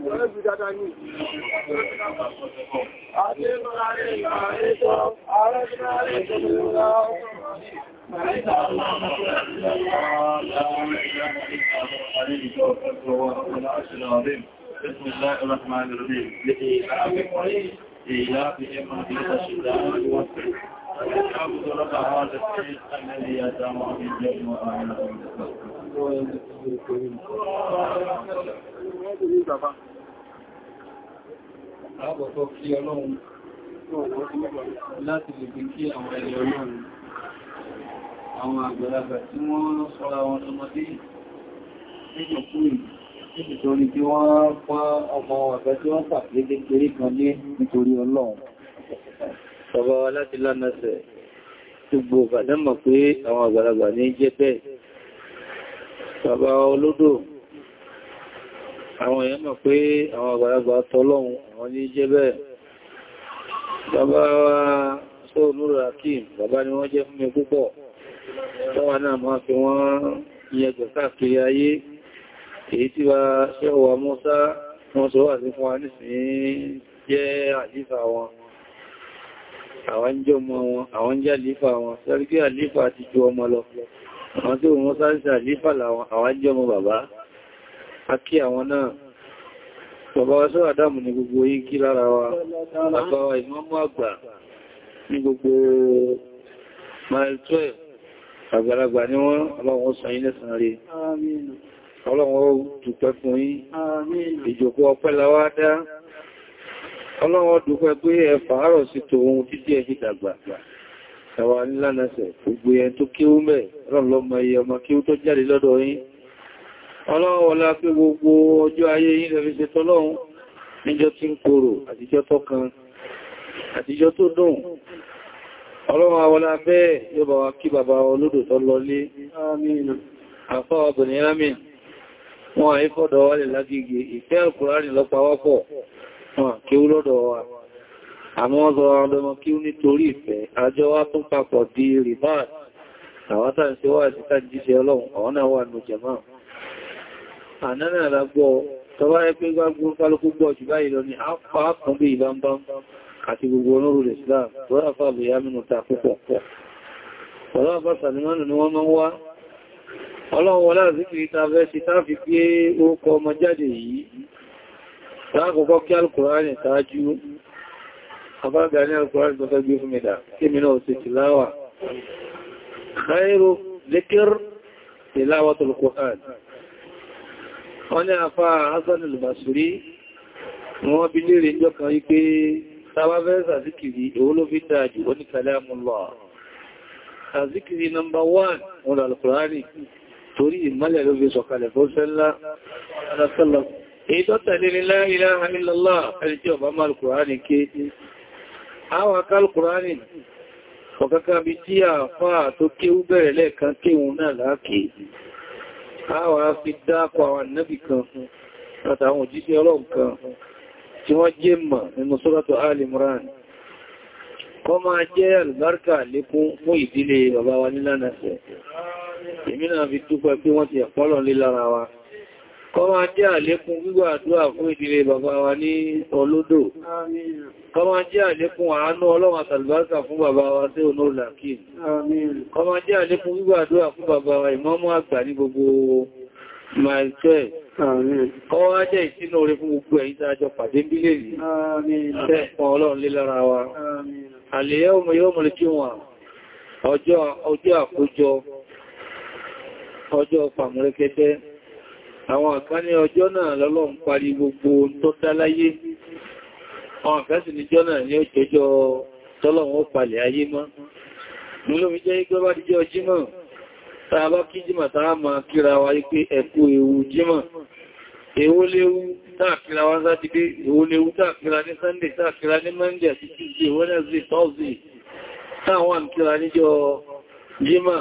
بسم الله الرحمن الرحيم لإيلافهم مدينة الشتاء والصيف فليعبد رب هذا الشيء الذي يدعو من جل وعلا àbọ̀kọ́ kí ọlọ́run láti lè fi kí àwọn ẹni ọlọ́run àwọn àgbàlagbà tí wọ́n sọ́ra wọn ọmọdé nígbàkú nítorí tí wọ́n pọ́ ọmọ ọ̀gbẹ́ tí wọ́n pàtàkì kékeré kan ní nítorí ọlọ́run bàbá wa láti lánàṣẹ̀ gbogbo bàdámọ̀ pé àwọn àgbàlagbà ní jẹ́ bẹ́ẹ̀ bàbá olódò àwọn èèyàn mọ̀ pé àwọn àgbàlagbà tọ́lọ́run àwọn ní jẹ́ bẹ́ẹ̀ bàbá wa Sóònúrù Hakim bàbá ni wọ́n jẹ́ fún mi púpọ̀ tọ́wà náà máa fi wọ́n yẹgbẹ̀ káàkiri ayé èyí tí wa ṣẹ́wà Mọ́sá wọ́n sọ wà sí fún wa nísìn jẹ́ àlífà wọn àwọn jẹ́ àlífà wọn akí àwọn náà bàbá wa sọ àdámù ní gbogbo igi lára wa bàbá wa ìmọ́mú àgbà ní gbogbo mile 12 àgbàlagbà ní wọ́n ọlọ́wọ́n sàn ilẹ̀ sàn rí ọlọ́wọ́n dúpẹ́ fún yín ìjòkó ọpẹ́ láwá dá ọlọ́wọ́n dúpẹ́ pé ẹ fàárọ̀ sí ọlọ́wọ́lá pé gbogbo ọjọ́ ayé yìí lẹ́fi ṣe tọ́lọ́run níjọ́ tí ń korò àtijọ́ tó kan àtijọ́ tó dùn ọlọ́wọ́ awọ́lá bẹ́ẹ̀ yóò bá wa kí bàbá olódò tó amin wọn àyí fọ́dọ̀ wà lè lágígé ìfẹ́ alkùnrin lọ́pàáwọ́pọ̀ wọn kí ó lọ́dọ̀ wa àmọ́ ọ̀sọ̀rọ̀ ọdọmọ kí ó nítorí ìfẹ́ àjọ wá tún papọ̀ di rìmáà àwátà ń ṣe wá àti tàjíṣẹ́ ọlọ́run àwọn wà nù jẹ̀máà ànánà lágbọ́ tọwá ẹgbẹ́ gbogbo kálùkù gbọ́ jù báyìí lọ ni a pàápùn bí ìbámbá àti gbogbo onórù Islam wọ́n fà lè yá mínú ta púpọ̀ ọ̀lá bá sàlìmánù ni wọ́n máa ń wá ọlọ́run wọlá zikiri ta fẹ́ sí tá fi pé orúkọ ọmọ jáde yìí láàkọ́kọ́ kí alkùnrin tàájú àbága ní alkùnrin tó fẹ́ Qur'an wọ́n ní àfá Hasan al-Basri wọ́n bí lérè ìjọ kan wípé tàbábẹ́ sàzíkìrí èwo ló fi dáa jù wọ́n ní kalamullah sàzíkìrí nọmbà 1 wọ́n lọ al-Qur'ani torí ìmọ́lẹ̀ ló fi sọ̀kalẹ̀ fọ́sẹ́lá ọ̀kàkà bí tí àfáà tó kéwú bẹ̀rẹ̀ lẹ́ẹ̀kan kéwú náà láàkèé àwọn afi dákọ̀ àwọn ànábì kan fún àtàwọn òjíṣẹ́ ọlọ́run kan fún tí wọ́n jẹ́ mọ̀ nínú sóràtọ̀ Al-Imran kọ́ máa jẹ́ àlùbáríkà lékún fún ìdílé bàbá wa nílànà ṣẹ̀ kọ́ máa jẹ́ àlékún gbígbà àdúrà fún ìdílé bàbá wa ní olódò kọ́ máa jẹ́ àlékún àánú ọlọ́run àtàlùbáríkà fún bàbá wa tí ó náà làkín kọ́ máa jẹ́ àlékún gbígbà àdúrà fún bàbá wa ìmámù àgbà ní gbogbo mile 12 kọ́ wá jẹ́ ìsínú orí fún gbogbo ẹ̀yí tí ọjọ́ ọjọ́ pàmùrẹ́kẹ́tẹ́ àwọn kan ní ọjọ́ náà lọ́lọ́run parí gbogbo tó dáláyé àwọn kan sì níjọ́ náà ní ọjọ́jọ́ tọ́lọ́run ó palẹ̀ ayé mọ́ múlòmí jẹ́ igbó bá díjọ́ jímọ̀ tàà bá kí jímọ̀ tàà máa kíra wa pé ẹ̀kú ewu jímọ̀ èwo léwu tàà kíra wa sátidé èwo léwu tàà kíra ní sunday tàà kíra ní monday àti tuesday wednesday thursday tàà wà ní kíra níjọ́ jímọ̀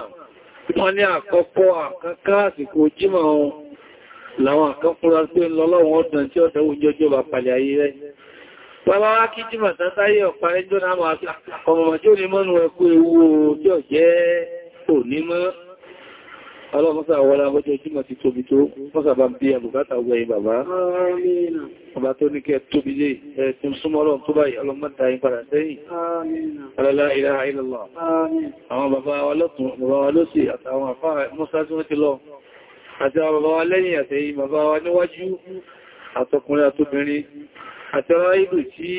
wọ́n ní àkọ́kọ́ àkọ́kọ́ àsìkò jímọ̀ láwọn kan fúnra pé lọ́lọ́wọ́n ọdún tí ọ̀dọ̀ òjòjò bà pàlẹ̀ ayé rẹ̀. Bàbá wá kí jímọ̀ sátáyé ọ̀parẹ́ jọ náà máa ọmọ tí ó ní mọ́nu ẹkú ewu tí ó jẹ́ onímọ́. Ọlọ́mọ́sà wọ́lá ọjọ́ jímọ̀ ti tóbi tó, mọ́sà bá ń bí àbùkátà ọgbẹ̀yìn bàbá. Bàbá tó ní kẹ tóbi lé, ẹ tí ń súnmọ́ ọlọ́run tó báyìí ọlọ́mọ́ta yìí padà sẹ́yìn. Alẹ́lá ìlàhà ìlọ́lọ́. Àwọn bàbá wa lọ́tún, bàbá wa lọ́sì àtàwọn àfáà mọ́sá tí wọ́n ti lọ àti àwọn bàbá wa lẹ́yìn àti bàbá wa níwájú àtọkùnrin àtobìnrin àti ará ìlú tí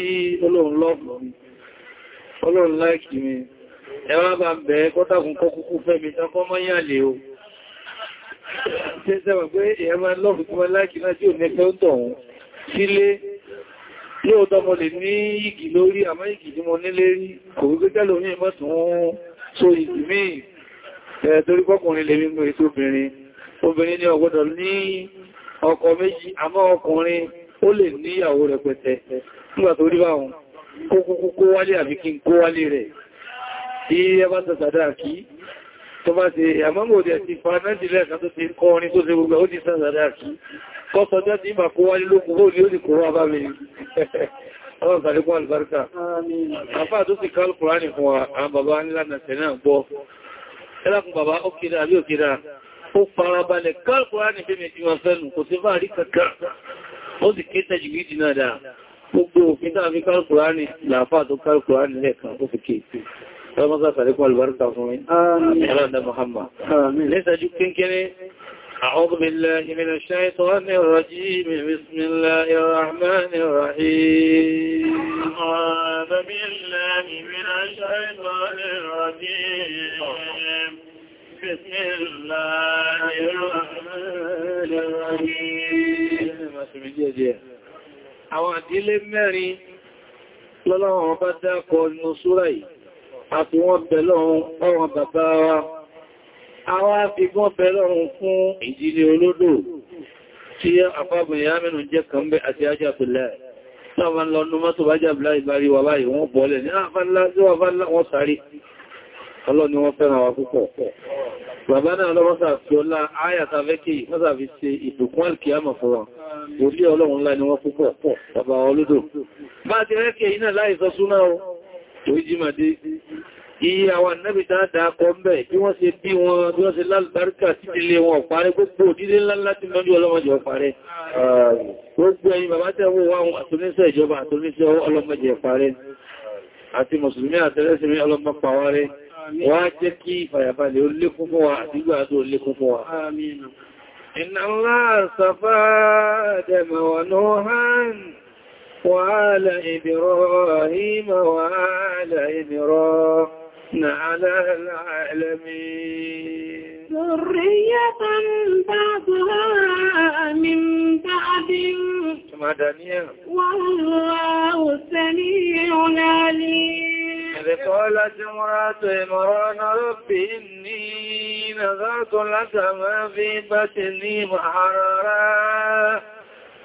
Ọlọ́run lọ́pọ̀ Ọlọ́run láìkì mi ẹwà bá ń bẹ̀ẹ́ kọ́tàkùn kọkùkù fẹ́mi tọ́kọ́ mọ́yà lè o tẹ́sẹ̀wà pé èyàn máa lọ́pù tí wọ́n láìkì náà tí ò nẹ́fẹ́ ó tọ̀hún sílé lóòtọ́ mo pọ́kùnrin lè mímú ètò obìnrin obìnrin ni ọgbọ́dọ̀ ní ọkọ méjì àmọ́ ọkùnrin ó lè níyàwó rẹpẹtẹ nígbà tó rí bá wọn kókókó kó wálé àbí kí n kó wálé rẹ̀ tí ẹ bá sàtàdà kí tó bá ti àmọ́gbòdì àti fanájìlẹ̀ kan tó ti kọ́ orin tó ti gbogbo ó ti sàtàdà kí kọ́sọ̀ jáde ìmà kó wálé lókun ó ní ó ní kò rọ́ abá mi ọlọ́run sàríkún albarka àfá tó ti kọ́ alkùnrin fún àwọn bàbá nílànà tẹ̀lé àgbọ́ ẹlákùn bàbá ó kéda àbí ó ó farabalẹ̀ káàkùrá ní fẹ́mẹ̀ tí wọ́n fẹ́nu kò sí fà rí kàkà ó sì ké tẹ̀jìgbì jìnà dáa gbogbo òfin tàà fi káàkùrá ní làáfà tó káàkùrá ní lẹ́ẹ̀kan ó fi ké tí ọmọ́sá sàríkọ́ albarka fún mi aláàdá Muhammad lẹ́sàájú kínkẹ́rẹ́ أعوذ بالله من الشيطان الرجيم بسم الله الرحمن الرحيم أعوذ بالله من الشيطان الرجيم بسم الله الرحمن الرحيم àwọn àdílé mẹ́rin lọ́lọ́wọ́n bá dákọ̀ inú súra yìí àti wọ́n bẹ̀lọ́run ọwọ́n bàbá wa àwọn àfihàn bẹ̀lọ́run fún ìdílé olódò tí àfábìnrin amínú jẹ́ kan bẹ́ àti ajábìlẹ̀ láwọn lọ́nu mọ́tò bá jábìlá ìbárí wà báyìí wọ́n bọ́ọ̀lẹ̀ ní àfánlá tí wọ́n sáré ọlọ́ni wọ́n wa Bàbá náà lọ mọ́sà fi ọlá ayàta fẹ́kì mọ́sà fi ṣe ìbùkún alkiyama fún wọn. Orí ọlọ́run ńlá ni wọ́n púpọ̀ pọ̀ bàbá olódò. Bá ti rẹ́kì iná láì sọ súná o, oríjìmàdé. Iye àwọn nẹ́bìtà dákọ mẹ́ bí wọ́n ṣe bí wọn bí wọ́n ṣe lálùbáríkà sí ilé wọn ọ̀parẹ́ gbogbo òdílé ńlá láti lọ́jú ọlọ́mọdé ọ̀parẹ́. Gbogbo ẹ̀yin bàbá tẹ́wọ́ wọn àtúníṣẹ́ wá jẹ́ kí ìfàyàbalẹ̀ ó lékún fún wa àti ìgbà tó lékún fún wa. ati ان الله صفى آدم ونوحا وآل إبراهيم وآل إبراهيم على العالمين ذرية بعضها من بعد مدنيا والله سميع عليم إذ قالت امرأة عمران ربي إني نظرت لك ما في بطني محررا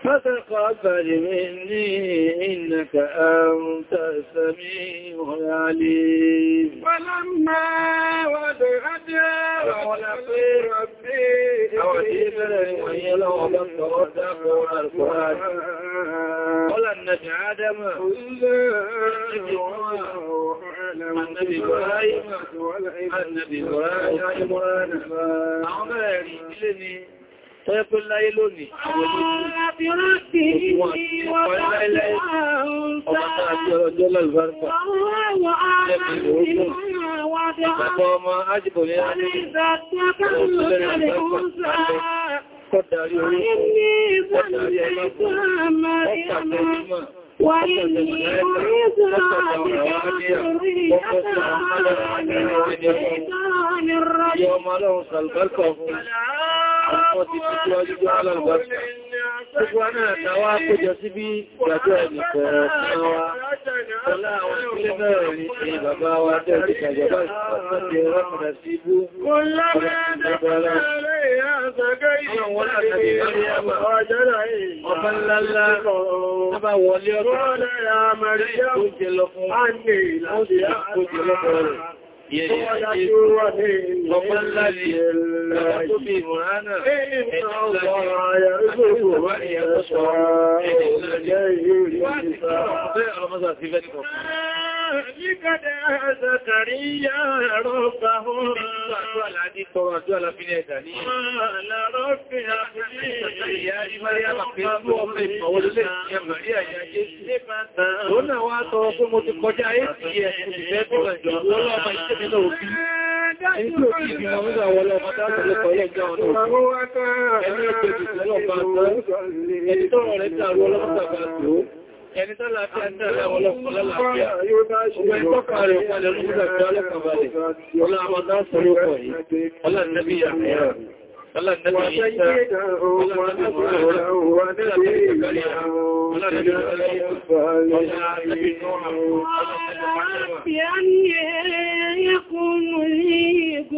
فتقبل مني إنك أنت السميع العليم فلما وضعتها ولقي ربي أعجيب للمهي له بك وتقول القرآن قل النبي آدم قل Ànábì Ibrahim Ànábì Ibrahim àwọn bẹ̀rẹ̀ rí ilé ni tọ́yẹ́ pé láyé lónìí àwọn olóòrùn Kọ́dàrí orí, kọ́dàrí ọlọ́pàá, ọ̀pàá tẹ́lú máa. وإني أعيذها بك وذريتها من الشيطان الرجيم يوم لهم سلبكم Gbogbo náà tàwà kójọ síbí ìgbàjọ́ ẹnìkọ̀ọ̀rọ̀ fún wa, ọlá àwọn ìpínlẹ̀ náà ní ẹ̀yìn bàbá wa jẹ́ ìgbàjọba ìpàtàkì rọ́pùnà sí ibú. Kò lábẹ́ ẹ̀dẹ́ Ọ̀pọ̀ ńlá rí ẹ̀rọ tó bí ìmọ̀ránà ẹni ọ̀rọ̀ ayàrí gbogbo wà ní ẹ̀kọ́ sọ́rọ̀ ẹni ìlú ẹ̀jẹ́ ìrírí ìrírí ìrírí ìrírí Ìkàdà Zakariya rọ́bà hún. Ìgbà tó àlá ní tọrọ àjọ́ àlàfílẹ̀ ẹ̀dà ní. Àlàrọ́ fi àfílẹ̀ ìyá ìmọ̀lẹ́ àpapẹ̀ tó ọmọ ìpàwọlẹ̀ ìyá ìyá Jésù. Ó náà wá tọrọ pé mo ti kọjá èsì ẹ̀ ìfẹ́ tó ẹ̀jọ́ ọlọ́ọ̀mà ìṣẹ́mi náà òbí. Ẹni tí ó kí ìgbìmọ̀ nígbà wọlé ọmọ dátọ̀lẹ́kọ̀ọ́ lẹ́gbẹ̀ẹ́ ọ̀nà òbí. Ẹni tó rọ̀ rẹ̀ tààrù ọlọ́mọ́ta bá tó ẹni tó láti àtàrà ọlọ́pọ̀ lálàáfíà yóò dá ṣe ìtọ́kà rẹ̀ pẹ̀lẹ̀ lórí àjọ́lẹ́kọ̀ọ́lẹ̀ ọlọ́mọdá sọ́lọ́pọ̀ yìí ọlọ́nẹ́bí àmìyàn ọlọ́nẹ́bí ìṣẹ́ ọlọ́nẹ́bí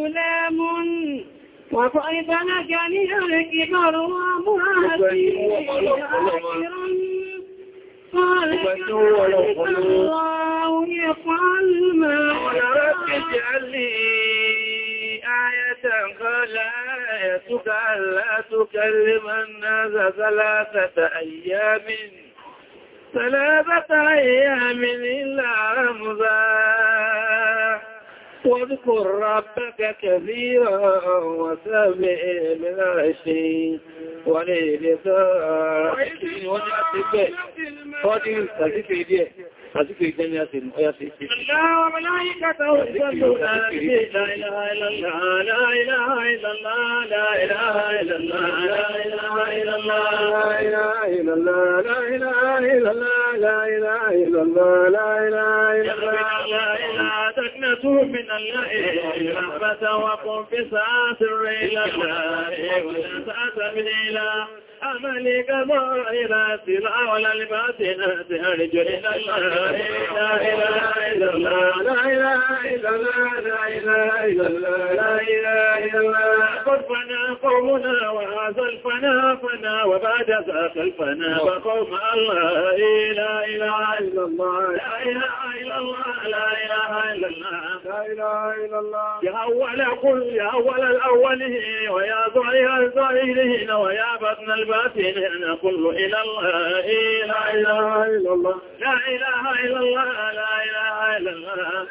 ìṣẹ́ وَفَإِذَا كَانَ الْكِبَرُ وَمُعَاتِي الله يفعل ما رب اجعل لي آية قال آيتك ألا تكلم الناس ثلاثة ثلاثة أيام إلا رمضان واذكر ربك كثيرا وسمع من العشي وللذارك ونأتك فاتن تذكر ديه تذكر الدنيا سنو يا سيدي الله وملائكته يصلون على النبي لا اله الا الله لا اله الا الله لا اله الا الله لا اله الا الله لا اله الا الله لا اله الا الله لا اله الا الله لا اله الا الله لا اله رحمة من الله رحمة في ساعة الليلة وساعة بليلة أمل كبائرات الأولى الباطنات أرجل الله لا إله إلا الله لا إله إلا الله لا إله إلا الله لا إله إلا الله قد قومنا وهذا الفنا فنا وبعد ذاك الفنا وقوم الله لا إله إلا الله لا إله إلا الله لا إله إلا الله لا إله إلا الله يا أول قل يا أول الأولين ويا ظهير الظاهرين ويا بطن الباطنين قل إلى الله لا إله إلا الله لا إله إلا الله لا إله إلا الله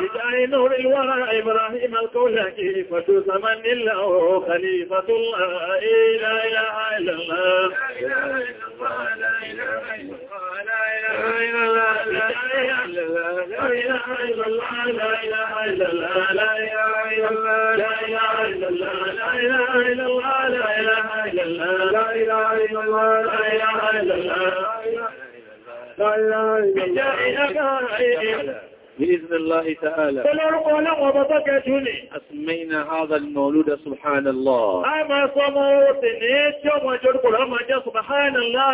بداع نور الورى إبراهيم الكولاكي فتو زمن الله خليفة الله لا إله إلا الله لا إله إلا الله لا إله إلا الله لا إله إلا الله لا إله إلا الله لا إله إلا الله لا إله إلا الله لا إله إلا الله لا إله إلا الله لا إله إلا الله لا إله إلا الله لا إله إلا الله لا إله إلا الله بإذن الله تعالى أسمينا هذا المولود سبحان الله أما صموت نيتم وجرق الأمى سبحان الله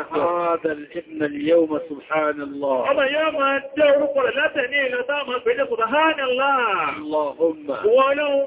هذا الابن اليوم سبحان الله أما يوم الدور قل لا تنين سبحان الله اللهم ولو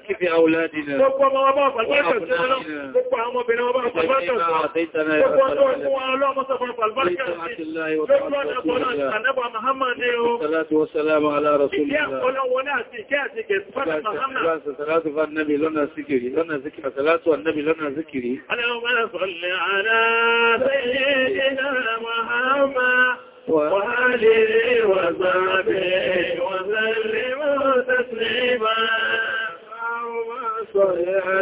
البركة في أولادنا وسلام على رسول الله صلاة النبي لنا ذكري صلاة على سيدنا محمد وآله وسلم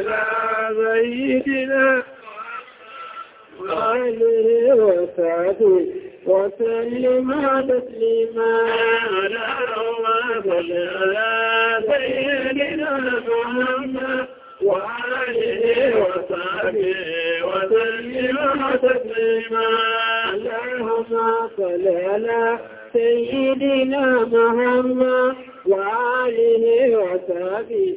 على سيدنا وعليه وصحبه وسلم تسليما على صل على سيدنا محمد وعليه وصحبه وسلم تسليما اللهم صل على سيدنا محمد وعليه وصحبه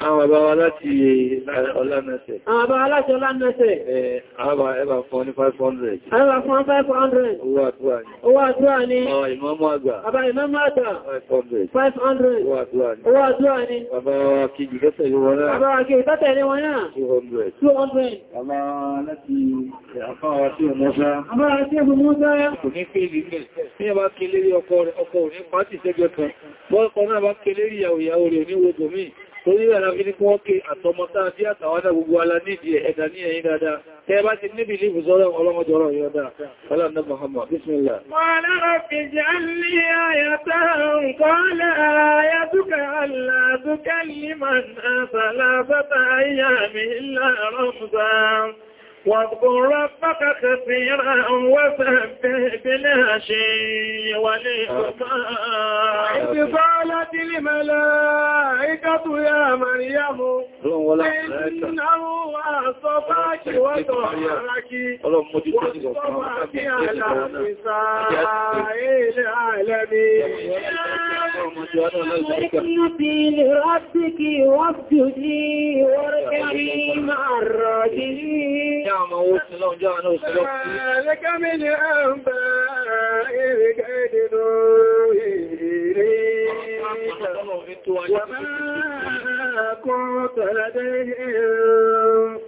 Àwọn bàbá wa láti eh, ọlánẹsẹ̀. Àwọn bàbá láti ọlánẹsẹ̀. Eh, àwọn ẹbà fún ní 500. Ẹbà fún 500. Owó àdúrà ni. Owó àdúrà ni. Àwọn ìmọ́mọ́ àgbà. Bàbá ìmọ́mọ́ àgbà. 500. 500. Owó àdúrà ni. Owó àdúrà ni. Bàbá wa kí ìgbẹ́sẹ̀ lé wọn náà. Bàbá wa kí ìgbẹ́sẹ̀ lé wọn náà. 200. 200. Bàbá láti eh, àfáwà tí ò mọ́sá. Bàbá láti ẹ̀bùn mọ́sá. Kò ní pé ìlú ilẹ̀. Bí ẹ bá kí lérí ọkọ rẹ̀, ọkọ ò ní pàtì sẹ́gbẹ̀ kan. Bọ́ ọkọ náà bá kí lérí torí ẹ̀rọ gidi kí wọ́n ké àtọmọta sí àtàwádà gbogbo ala nídi ẹ̀dà ní ẹ̀yìn dáadáa tẹ́ bá ti níbi ilé ìbùsọ́rọ̀ ọlọ́mọjọ́rọ̀ yọ́dá ọlọ́nà Muhammad bismillah wọ́n lára واذكر ربك كثيرا وسبح بالعشي والإقبال إذ قالت الملائكة يا مريم إنه أصطفاك وطهرك واصطفاك على نساء العالمين لربك واسجدي واركعي مع الراجلين àwọn ọmọ owó sílọ́ ọjọ́ àwọn òṣèlọ́ وما كنت لديهم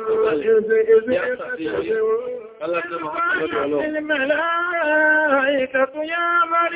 إذ يستطيعون الملائكة يا مريم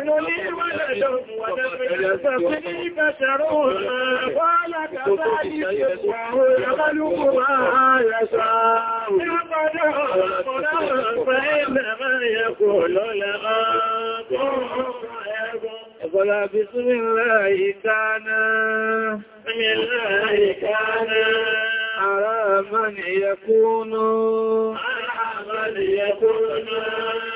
لي ولد فكيف ترون ولك ذلك ويخلق ما يشاء فإنما يقول لها فلا بسم الله كان بسم الله كان على من يكون على من يكون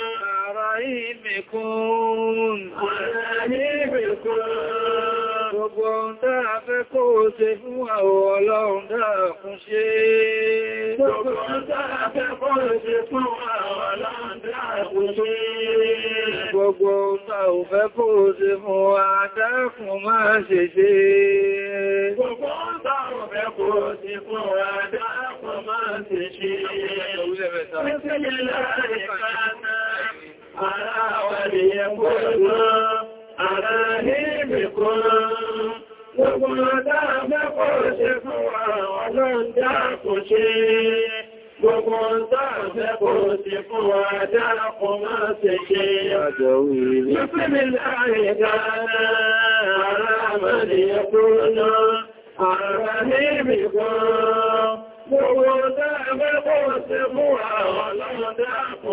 بكم أولاني بكم Gbogbo ohun táa fẹ́ kó ṣe fún àwọ̀ ọlọ́run dákun ṣe. Gbogbo ohun táa fẹ́ kó ṣe fún àwọ̀ ọlọ́run dákun ṣe. Gbogbo ohun táa fẹ́ kó ṣe ṣe fún wa على gbogbo dáàbẹ́kọ̀ ṣe fún àwọn fún àwọn ọlọ́ndá kò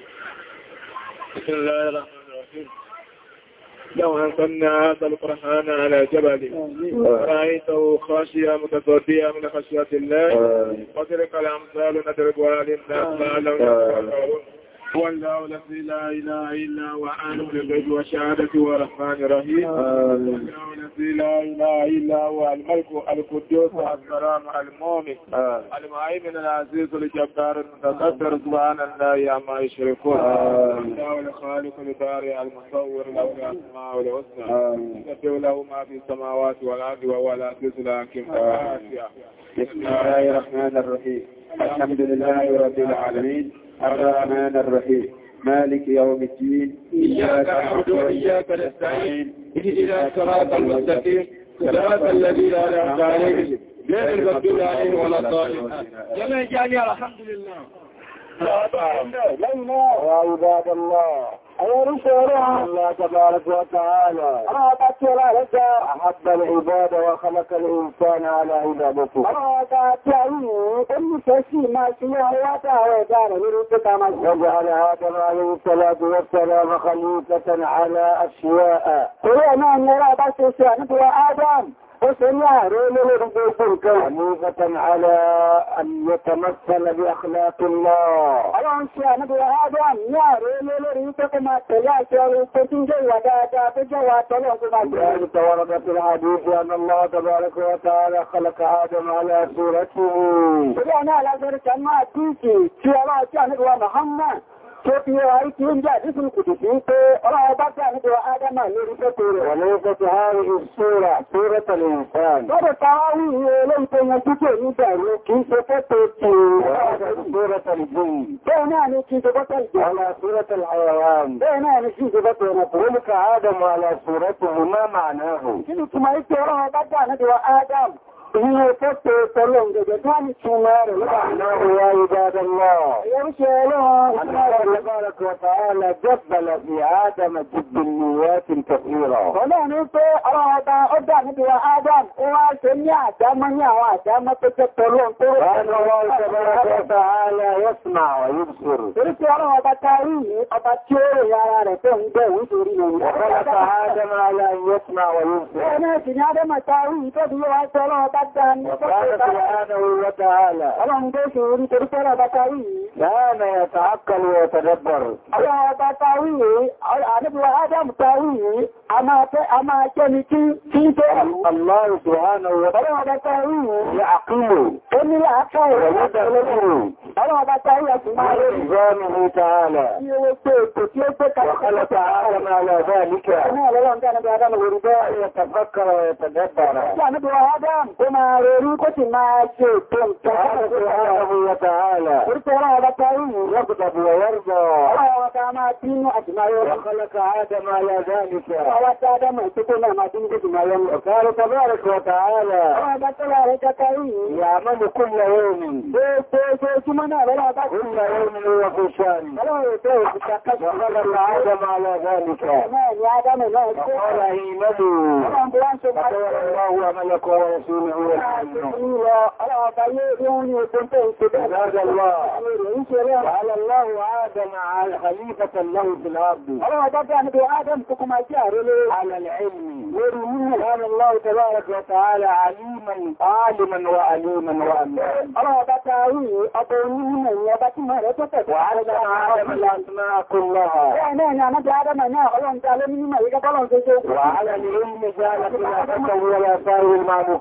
بسم الله الرحمن الرحيم لو أنزلنا هذا القرآن على جبل رأيته خاشيا متصديا من خشية الله وتلك الأمثال نضربها للناس فلو يتفكرون والله لا إله إلا هو عالم الغيب والشهادة هو الرحمن لا إله إلا هو الملك القدوس السلام المؤمن المهيمن العزيز الجبار المتكبر سبحان الله ما يشركون الله الخالق البارئ المصور له الأسماء الحسنى يسبح له ما في السماوات والأرض وهو العزيز الحكيم بسم الله الرحمن الرحيم الحمد لله رب العالمين الرحمن الرحيم مالك يوم الدين إياك نعبد وإياك نستعين اهدنا الصراط المستقيم صراط الذين نعبد عليهم غير المغضوب عليهم ولا الضالين جميع الحمد لله لا عباد الله الله تبارك وتعالى أحب العباد وخلق الإنسان على عبادته وجعل آدم عليه الصلاة والسلام خليفة على أشياء قرآن نرى بس آدم فسمع عرينا بيكون حنيفة على أن يتمثل بأخلاق الله ألا أنشاء نبي آدم يا عرينا لريتك ما تلاك ويستجن جوا دادا بجوا تلاك ذلك ورد في الحديث أن الله تبارك وتعالى خلق آدم على صورته فلأنا لا ذلك ما أديك في الله كان محمد tó fi rárí tí ó ń jà dísìn kùtù tí ń pé ọlọ́wọ́ bá jà nígbà ádámà lórí fẹ́tò rẹ̀ wà lórí fẹ́tò ààrẹ ìṣòra tó rẹ́tẹ̀lẹ̀ ìfẹ́ràn lọ́dọ̀ tàà wí ìwé olóyìn tó yẹn tó kò nígbà rẹ̀ kí ń ṣe fẹ́tò tí ó rẹ́tẹ̀lẹ̀ gbòyìn ni kí ń ṣe fẹ́tò ìjọ ala sórẹ́tẹ̀lẹ̀ ni kí ń ṣe fẹ́tò ẹ̀nà kò Ìwé pọ́pọ̀ tọ́lọ̀ gẹ̀gẹ̀ tó ń tún mẹ́rẹ̀ lọ́wọ́ ìbádọ́ lọ. Yẹ́rùsẹ̀ ọlọ́run, ìsìnlẹ̀ ìbárakọ̀ tààlà jẹ́bàlà bí Ádámà jùgbìn ni wọ́n ti tẹ̀síwọ̀. Ọlọ́run ní pé ọlọ́run ọba ọdá níbi wa Ádámà, ó wá ṣe ní àdámọ́ ní àwọn àdámọ́ tó jẹ́ tọ́lọ́ tó rọ̀. Ọlọ́run ìbárakọ̀ tààlà yẹ́sùnà yìí. Oríṣi ọlọ́run ọba tarí yìí, ọba tí ó rẹ̀ ara rẹ̀ tó حسن وقال سبحانه وتعالى اللهم بشر ترسل بطاوي كان يتعقل ويتدبر الله بطاوي نبي آدم طاوي a máa jẹ́ ni kí tí tó Allahu subhanahu wa ta'ala ọba tààrí ya àkúrò ó ní àákà ìrọ̀wọ́ tààrí ọba ọba tààrí ẹ̀sùn máa rẹ̀ ìrọ̀nù ní tààlà iye owó pé ètò tí ó pé kàkàlọ́ta Ọlọ́run ta máa bínú àti máa yóò. Ọkọlọ́ka Ádámà yà záà nìfẹ́. وتعالى مهتكنا ما تنجد ما يوم قال تبارك وتعالى هذا تبارك كريم يعمل كل يوم كل يوم هو في شان وقال العدم على ذلك وقال هيمدوا فقال الله وملك ورسوله والمؤمنون هذا الله وعلى الله آدم على خليفة له في الأرض. الله آدم كما جاء على العلم ورموه كان الله تبارك وتعالى عليما عالما وأليما وأمنا رابطه أبونيما وبتما رتتك وعلم عالم الأسماء كلها وعلم عالم الأسماء كلها وعلم تعلمني ما يقبلون سجد وعلى العلم جعلت الأسماء كلها وعلم عالم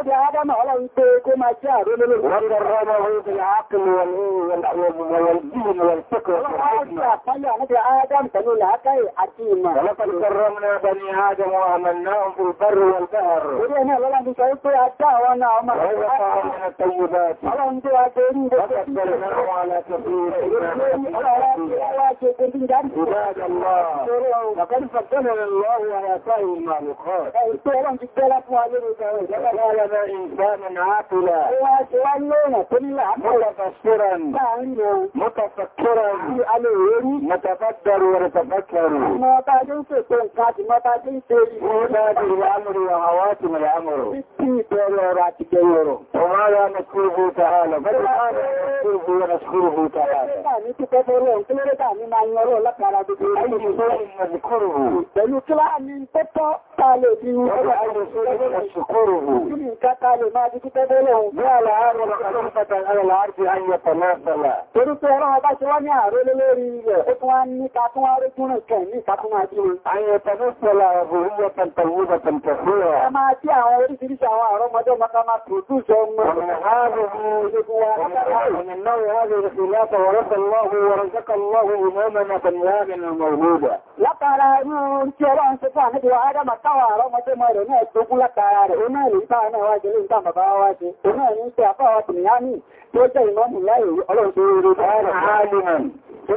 الأسماء ما أولا تكما جعل وكرمه بالعقل والدين والفكر والحكمة وعلم عالم الأسماء تنول هكي حكيما ولقد كرمنا بني آدم وأمناهم في البر والبحر ورزقهم من الطيبات وكبرناهم على كثير عباد الله لقد فضلنا الله على سائر المخلوقات جعلنا إنسانا عاقلا متفسرا متفكرا نتفكر ونتفكر tàbí ń pèsè nǹkan àti mọ́ta tí ń ṣe ìwò láti ìwàmùrù àwọn àti ìwàmùrù. Tí ìbẹ̀rẹ̀ ọ̀rọ̀ àti gẹ̀yẹ̀ ọ̀rọ̀. Ọ̀rọ̀ ya na ṣúrùbù tààlà. Bẹ́ẹ̀ ni a ní ṣúrùbù ya na ṣúrùbù tààlà. Ní ti pẹ́ fẹ́rẹ̀ ń kílẹ̀ tà ní máa yọrọ̀ lápára gbogbo ẹni tó ń ṣùkúrùbù. Pẹ̀lú kíláà ní pẹ́tọ́ tààlẹ̀ bí wọ́n. Ọ̀rọ̀ àìyẹ̀ ṣúrùbù ṣùkúrùbù. Kí ni nǹkan tààlẹ̀ máa di kíkẹ́ bẹ́lẹ̀ òun? Ní àlàárọ̀ lọ́kàtàkàtà alàárọ̀ ayẹ̀ pẹ̀lẹ́ máa tí àwọn oríṣiríṣi àwọn àrọ́mọdé mọ́ta máa pòdúsọ ọmọ Látara inú tí ọlọ́run ṣe fún àníbíwá Ádámà táwà àrọ́mọdé mọ́ rẹ̀ náà tó kú látara rẹ̀, ó náà lè ń táà náà wájẹ́ lè ń táà bàbá wájẹ́, ó náà ní pé àfáwà Tìmìyàní tó jẹ́ ìmọ́mù láì ọlọ́run tó rí rí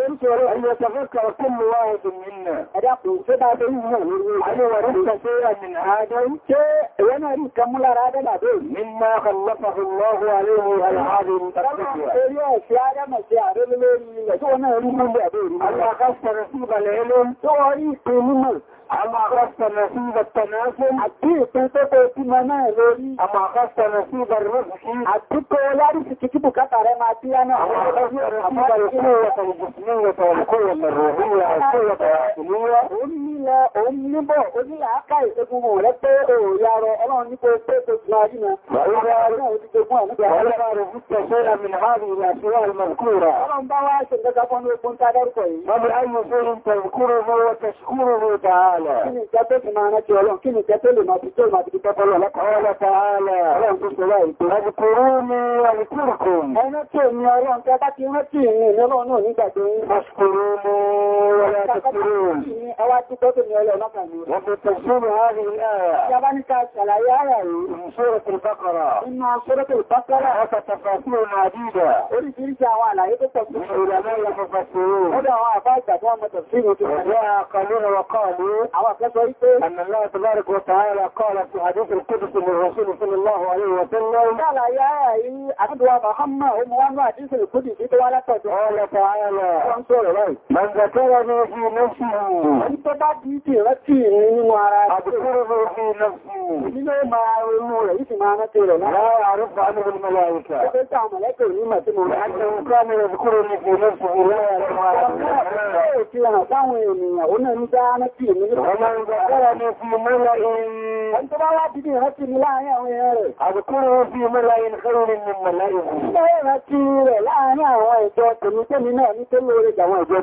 ويمكن أن يتذكر كل واحد منا أدقوا سبع بينه أيوة، أن ورث من آدم ونري كمل آدم مما خلفه الله عليه أيوة. العظيم الله خص نصيب العلم تعريف منه أما أخذت نصيب التنازل أديك تبقى تمنى لوري أما أخذت نصيب الرزق أديك ولا رزق تجيب كتر ما تيانا أما أخذت نصيب القوة الجسمية والقوة الروحية والقوة العقلية أمي لا أمي بو أمي لا أكاي تبقى ولدت يا رو أنا أني بو تبقى تلاجنا ولا رزقت شيئا من هذه الأشياء المذكورة أما أي شيء تذكره وتشكره تعالى ta'ala. Kí ni ìjẹ́ tó ti máa rántí ọlọ́run? Kí ni ìjẹ́ tó lè máa fi tó máa fi dúpẹ́ bọ́lọ̀ lọ́kọ̀ọ́lọ́ ta'ala? Ọlọ́run tó sọ láì tó. Ẹ̀dùkúrú ni ẹ̀dùkúrùkù. Ẹni tó ní ọlọ́run tẹ́ bá ti rántí ìrìn ìrìn ọlọ́run náà nígbà tó ń. Ẹ̀dùkúrú ni ọlọ́run tó kúrú. Ẹwà dúpẹ́ tó ní ọlọ́run náà kàní. Wọ́n fi tẹ̀síwò ààrẹ ìyára. Ìjọba ní ká ṣàlàyé ààrẹ yìí. Suratul Baqara. Inú Suratul Baqara. Ọ̀sà tàfàkì ọ̀nà àdídà. Oríṣiríṣi àwọn أن الله تبارك وتعالى قال في حديث القدس من رسول صلى الله عليه وسلم قال يا أحد وضحمهم وأن حديث القدس إطوالة قال تعالى من ذكرني في نفسه من تبعدي في نفسي من وراء أذكره في نفسي من ما أقول ليس ما نتيره لا أعرف عنه الملائكة فقلت عملك لما تمر أنه كان يذكرني في نفسه لا يعرف عنه الملائكة ومن ذكرني في ملأ أذكره في ملأ خير من ملأه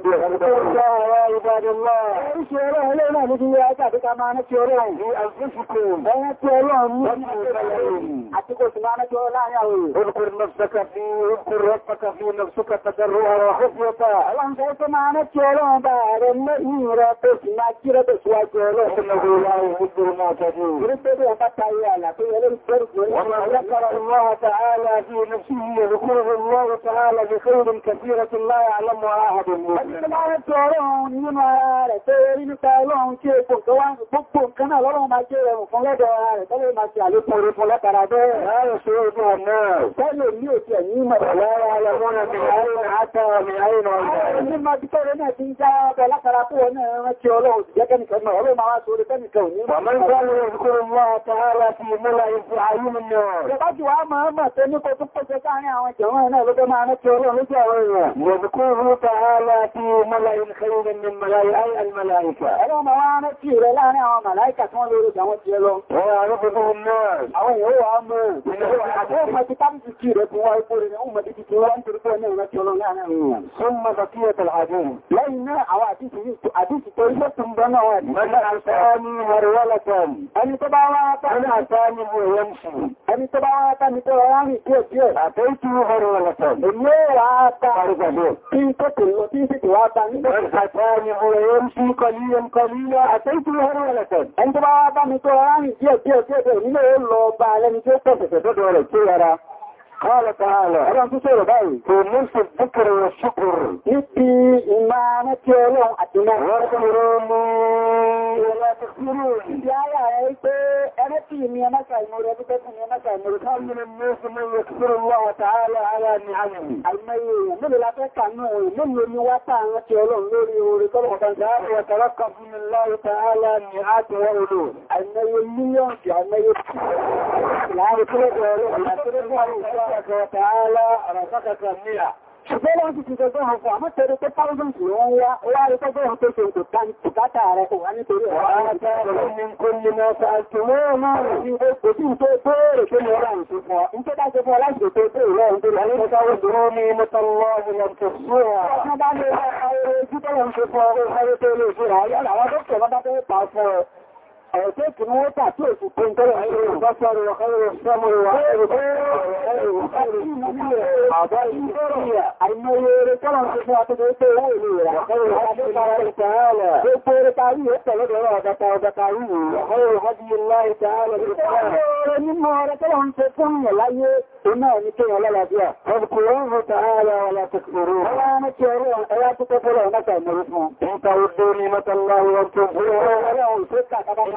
يا عباد الله في أنفسكم اذكر نفسك في اذكر ربك في نفسك تضرعا وخفية اللهم سيسمعنا تشيرون بعد النهيرة تسمع كيرة síwájú ọlọ́run ní ọgbọ̀n láàrin Ìjọba ọ̀rọ̀ nínú ara rẹ̀ tó rí nípa ọlọ́run kí èkó tó wá gbogbo nǹkan náà lọ́rọ̀ máa jẹ́ ẹ̀rùn fún lẹ́dọ̀ ara rẹ̀ tọ́lẹ̀ máa ṣe àlékún orí fún látara bẹ́ẹ̀. Láàrẹ̀ ṣe ojú ọ̀nà. Tẹ́lẹ̀ ní òkè ní ìmọ̀ ìlọ́rọ̀ alẹ́mọ́nà ti àárín àtàrà mi àárín ọ̀nà. Ní máa bí tọ́rẹ náà ti ومن كان يذكر الله تعالى في ملأ في عيون النار يذكره تعالى في ملأ خير من ملأ أي الملائكة ويعرف به الناس ثم بقية العجيب لأن عواتيك عديك تريد تنبنى من أعطاني مرولة أن تبعوات أن أعطاني هو يمشي أن تبعوات أن تبعواني كيف كيف أعطيته مرولة اللي أعطى أرجله إن تكل لطيفة واتا من أعطاني هو يمشي قليلا قليلا أعطيته مرولة أن تبعوات أن تبعواني كيف كيف كيف إنه اللي أعطى لن تبعواني كيف كيف كيف قال تعالى أنا أنت سورة باي في نفس الذكر والشكر يبي إيمانة يولون أتنا ورقمروني ولا تخبرون يا يا إيكو أنا في ميانا كالمور أبدا ميانا كالمور كان من الناس من يكبر الله تعالى على نعمه المي من لا تكنو من يواتا أنت يولون لوري ورقم وتنزار وترقب من الله تعالى مئات وأولون المي مليون المي لا يكبر الله لا يكبر الله tabaraka wa ta'ala rafaqaka mi'a ṣùgbọ́n wọ́n ti ti gbogbo ọkọ̀ àmọ́tẹ̀rí tó thousands ló ń wá wá rí tó gbọ́n tó ṣe ìtòkátà rẹ̀ kò wá nítorí ọ̀rọ̀ ọ̀rọ̀ ọ̀rọ̀ ọ̀rọ̀ ọ̀rọ̀ أعطيك الموقع تؤسي كنت خير البصر وخير السمع وخير أنه يركنا في ساعته يتولي وخير الحديث الله تعالى يقول تعالي حتى لدعوه دكا ودكاوي وخير هدي الله تعالى بالإسلام مما ركلهم سيكون لأيه إنه نكيه ولا لديه فاذكروه تعالى ولا تكفروه ولا نكيروه ولا تكفروه نكا النبي اسمه انت ودوا نعمة الله وانتم فيه ولا أعطيك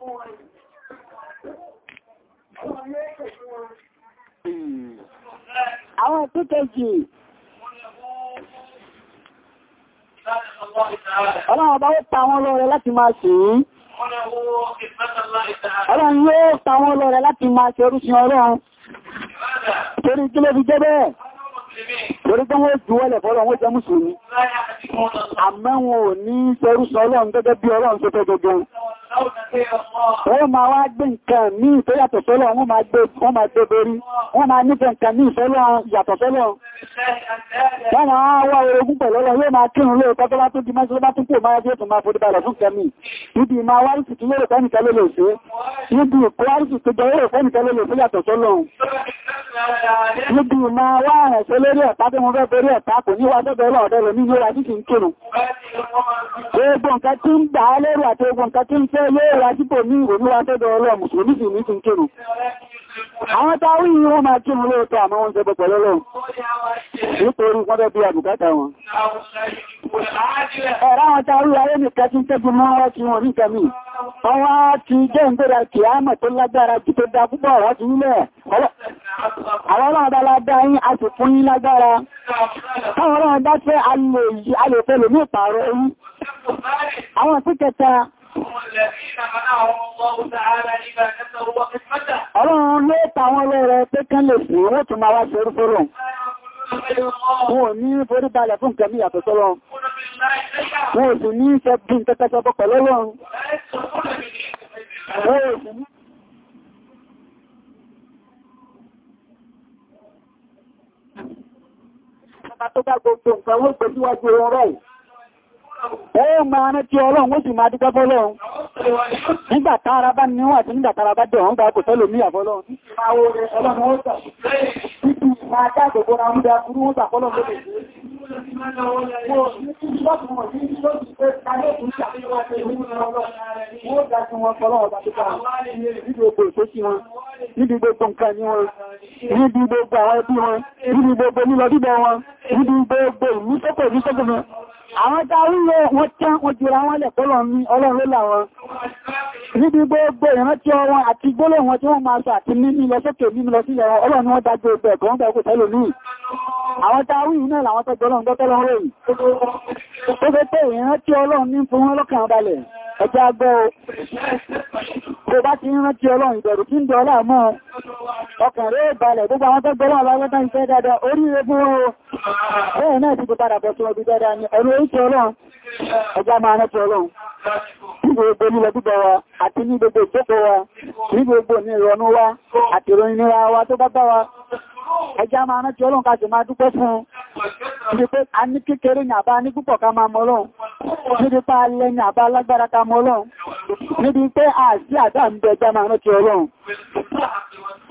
fún wọn àwọn tó kẹjì ọlọ́run bá ó pa wọn lọ́rẹ láti máa ṣe é ọlọ́run yóò pa wọn lọ́rẹ láti máa ṣe orúṣin ọlọ́run torí kí ló fi jẹ́ bẹ́ẹ̀ torí tó wọ́n jù wọ́lẹ̀ fọ́lọ́ wọ́n jẹ́ mùsùlùmí àmọ́ wọn ò ní ṣerúṣin Wọ́n máa wá gbé nǹkan ní ìtọ́ yàtọ̀ sọ́lọ́, wọ́n máa gbé borí, wọ́n máa nífẹ̀ẹ́ nǹkan ní ìfẹ́lọ́ yàtọ̀ sọ́lọ́. Báwọn wá orogún pẹ̀lú yóò máa kírun lóò tọ́tọ́ bá tún di mẹ́sí tún pò máa jẹ́ tó máa forí balẹ̀ fún kẹmí. Ibi ìmọ̀ awárùsù tó lè ṣe. Ibi ìkó awárùsù jọ lè fún yàtọ̀ tó Ibi ẹ̀ta mo fẹ́ ẹ̀ta kò ní wá Àwọn tá wí ní wọ́n máa kí mú lóòtọ́ àmọ́ wọ́n ṣe gbogbo lọ́lọ́. Nítorí wọ́n bẹ́ bí àbùkátà wọn. Ẹ̀rá wọn tá wí ayé nìkan tí ń tẹ́gbù mọ́ wọ́n ti wọn ní kẹmí. Ọwá ti jẹ́ ìgbéra kì á mọ̀ tó lágbára jù tó dá púpọ̀ wọ́n ti nílẹ̀. Àwọn ọlọ́ọ̀dá lágbá yín a sì Ọlọ́run ló tàwọn lẹ́rẹ pé kán lè sí owó tó máa wá ṣe orúkọ rọ̀. Wọ́n ò ní forí balẹ̀ fún kẹmí àtọ̀ sọ́rọ̀. Wọ́n sì ní ṣe bí n tẹ́tẹ́ sọpọ̀ pẹ̀lú Ọlọ́run. Wọ́n wọ́n máa rántí ọlọ́run ó sì máa dúpẹ́ fọ́lọ́run nígbà tára bá níwọ̀n àti nígbà tára bá dẹ̀ wọ́n gbà kò tẹ́lò míyà fọ́lọ́run Níbi gbogbo nǹkan ni wọn, níbi gbogbo àwọn ẹbí wọn, níbi gbogbo nílọ bíbọ àwọn dáwúrò wọ́n tán wọ́n wọ́n lẹ̀ pọ́lọ̀ ní ọlọ́run láwọn níbi gbogbo ìrántí ọwọ́n àti gbólẹ̀ wọn tí wọ́n máa sọ àti mímí lọ sókè mímí lọ sílẹ̀ wọn wọ́n dájú ẹgbẹ̀ ẹjá gbọ́ o bá ti rán kí ọlọ́run ìbẹ̀rù kí ń dọ̀ ọlá mọ́ ọkàn rẹ̀ balẹ̀ gbogbo àwọn tó gbọ́rọ̀ aláwọ́ta ìfẹ́ dáadáa orí ebúrú bẹ́ẹ̀ náà ti padà bọ̀ ẹjá máa rántí ọlọ́run ní gbogbo ati gbígbọ́ wa àti ní gbogbo ìjókòó wa ní gbogbo ní ìrọ̀nú wa àti ìròyìn wa tó bá wa ẹjá máa rántí ọlọ́run ká sì máa dúpẹ́ fún níbi a ní kékeré ní àbá ní púpọ̀ ká máa mọ́ níbi pé a ní àbá lágbára ká níbi pé sí àdá ń bẹ ẹjá máa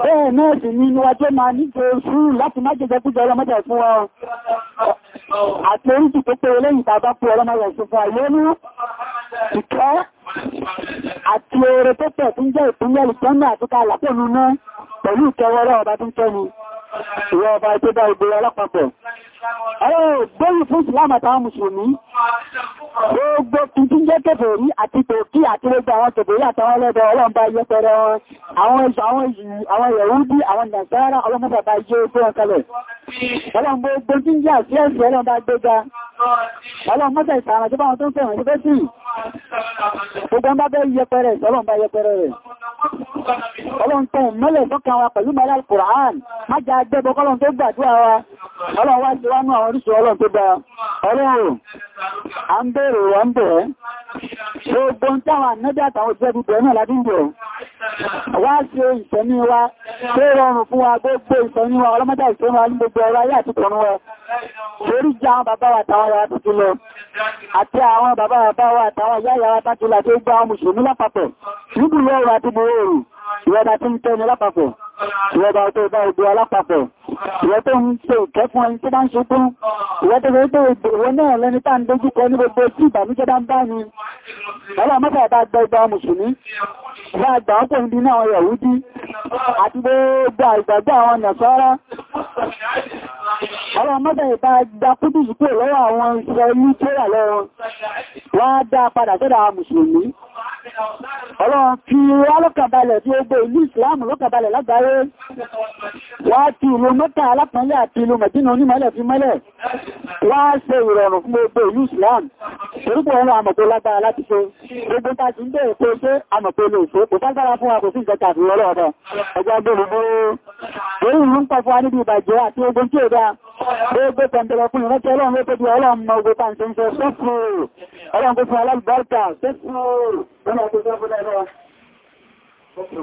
bẹ́ẹ̀ náà sì ní níwájẹ́ máa nígbẹ̀ oṣù láti má jẹ́ ọlọ́mọ́jẹ̀ fún wa àti oríjì tó pé lẹ́yìn tàbá pé ọlọ́mọ́jẹ̀ fún wa lónú ìkẹ́ àti oore tó pẹ̀ tún jẹ́ ìpínlẹ̀ ìtọ́nà àti kààlà Gbẹ́rù fún ìsìlámà táwọn Mùsùlùmí, gbogbo tuntun jẹ́ kèfèrí àti tòkí àti gbogbo àwọn kèfèrí àtàwọn ọlọ́dọ̀ ọlọ́mbà yẹpẹrẹ àwọn ẹ̀ṣù àwọn Yẹ̀húdí àwọn Nàìjíríà ọlọ́mọ́bàbà yẹ fún ọkọlẹ̀. Ọlọ́mọ́gbogbo tí ń jẹ́ àti ẹ̀ṣù ọlọ́mbà gbéga. Ọlọ́mọ́ta ìsànà tó bá wọn tó ń fẹ̀wọ̀n tó fẹ́ sí. Gbogbo ọmọ bẹ́ yẹpẹrẹ ọlọ́mbà yẹpẹrẹ rẹ̀. Ọlọ́run tó mẹ́lẹ̀ sọ́kàn wa pẹ̀lú mẹ́lẹ̀ Kùrán, má jẹ́ agbẹ́bọ́ kọ́lọ́run tó gbàdúrà wa. Ọlọ́run wá ṣe wá náà oríṣẹ́ ọlọ́run tó dáa ọlọ́run a ń bèèrè wà ń bẹ̀ẹ́ ṣogbo ń táwà nẹ́bẹ̀ àtàwọn òṣìṣẹ́ gbogbo ẹ̀nà ládíjọ wá ṣe ìṣẹ́ní wa tó rọrùn fún wa gbogbo ìṣẹ́ní wa ọlọ́mọdá ìṣẹ́ní wa ní gbogbo ọrọ̀ ayé àti tọ̀run wa torí jẹ́ lápapọ̀ nígbùlọ́ ọrọ̀ tó bá ogun alápapọ̀ ìwọ tó ń ṣe ìkẹ́ fún ẹni tó bá ń ṣe fún ìwọ tó fẹ́ tó ìwọ náà lẹ́ni tá ń dójú ní gbogbo tí ìbàmíjẹ́ bá ń bá ní ọlá Yahudi àti gbogbo àgbàgbà àwọn Nàsárá ọlá mọ́ta ìbá gba kúdùsù pé lọ́wọ́ àwọn Israẹli tó rà lọ́wọ́ wọ́n á dá padà sọ́dọ̀ àwọn mùsùlùmí Ọlọ́run fi wá tí ó gbé ìlú Ìsìláàmù lọ́kàbalẹ̀ lágbàáyé wọ́n ti ìlú mọ́ta alápàálẹ̀ àti ìlú mẹ̀dínà onímọ̀lẹ̀ fi mọ́lẹ̀ wá ṣe ìrọ̀rùn fún gbogbo ìlú Islam orúkọ ọ̀rọ̀ àmọ̀pọ̀ lágbára láti ṣe gbogbo ta ti ń bẹ̀rẹ̀ pé ṣe àmọ̀pọ̀ lè ṣe kò ságbára fún àkòsí ìjọta àti ìrọ̀rọ̀ ọ̀dọ̀ ẹgbẹ́ gbogbo orí ìlú ń pàfọ́ níbi ìbàjẹ́ àti ogun tí ó dá gbogbo tẹ̀m̀bẹ̀rẹ̀ fún ìrántí Ọlọ́run ló tẹ́jú Ọlọ́run mọ ogun tá ń ṣe ń ṣe sẹ́fù Ọlọ́run kó fún alábàárìkà sẹ́fù